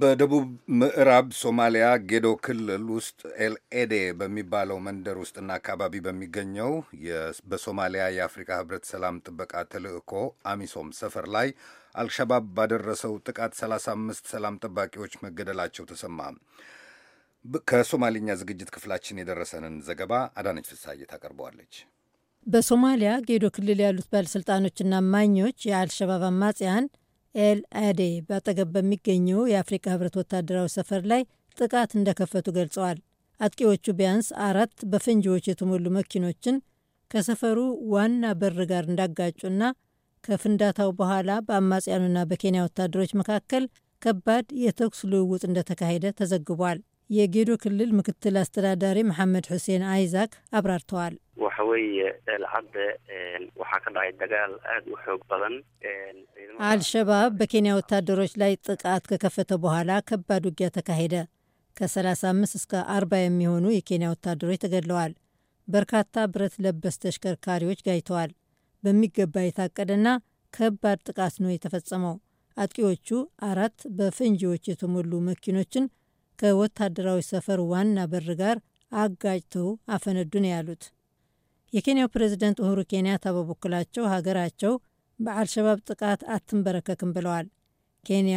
በደቡብ ምዕራብ ሶማሊያ ጌዶ ክልል ውስጥ ኤልኤዴ በሚባለው መንደር ውስጥና አካባቢ በሚገኘው በሶማሊያ የአፍሪካ ህብረት ሰላም ጥበቃ ተልእኮ አሚሶም ሰፈር ላይ አልሸባብ ባደረሰው ጥቃት 35 ሰላም ጠባቂዎች መገደላቸው ተሰማ። ከሶማሊኛ ዝግጅት ክፍላችን የደረሰንን ዘገባ አዳነች ፍሳዬ ታቀርበዋለች። በሶማሊያ ጌዶ ክልል ያሉት ባለሥልጣኖችና ማኞች የአልሸባብ አማጽያን ኤል አዴ በአጠገብ በሚገኘው የአፍሪካ ህብረት ወታደራዊ ሰፈር ላይ ጥቃት እንደከፈቱ ገልጸዋል። አጥቂዎቹ ቢያንስ አራት በፈንጂዎች የተሞሉ መኪኖችን ከሰፈሩ ዋና በር ጋር እንዳጋጩና ከፍንዳታው በኋላ በአማጽያኑና በኬንያ ወታደሮች መካከል ከባድ የተኩስ ልውውጥ እንደተካሄደ ተዘግቧል። የጌዶ ክልል ምክትል አስተዳዳሪ መሐመድ ሁሴን አይዛክ አብራርተዋል። waxa weeye hadda waxaa ka dhacay dagaal aad u xoog badan አልሸባብ በኬንያ ወታደሮች ላይ ጥቃት ከከፈተ በኋላ ከባድ ውጊያ ተካሄደ። ከ35 እስከ 40 የሚሆኑ የኬንያ ወታደሮች ተገድለዋል። በርካታ ብረት ለበስ ተሽከርካሪዎች ጋይተዋል። በሚገባ የታቀደና ከባድ ጥቃት ነው የተፈጸመው። አጥቂዎቹ አራት በፈንጂዎች የተሞሉ መኪኖችን ከወታደራዊ ሰፈር ዋና በር ጋር አጋጭተው አፈነዱ ነው ያሉት። የኬንያው ፕሬዚደንት ኡሁሩ ኬንያታ በበኩላቸው ሀገራቸው በአልሸባብ ጥቃት አትንበረከክም ብለዋል። ኬንያ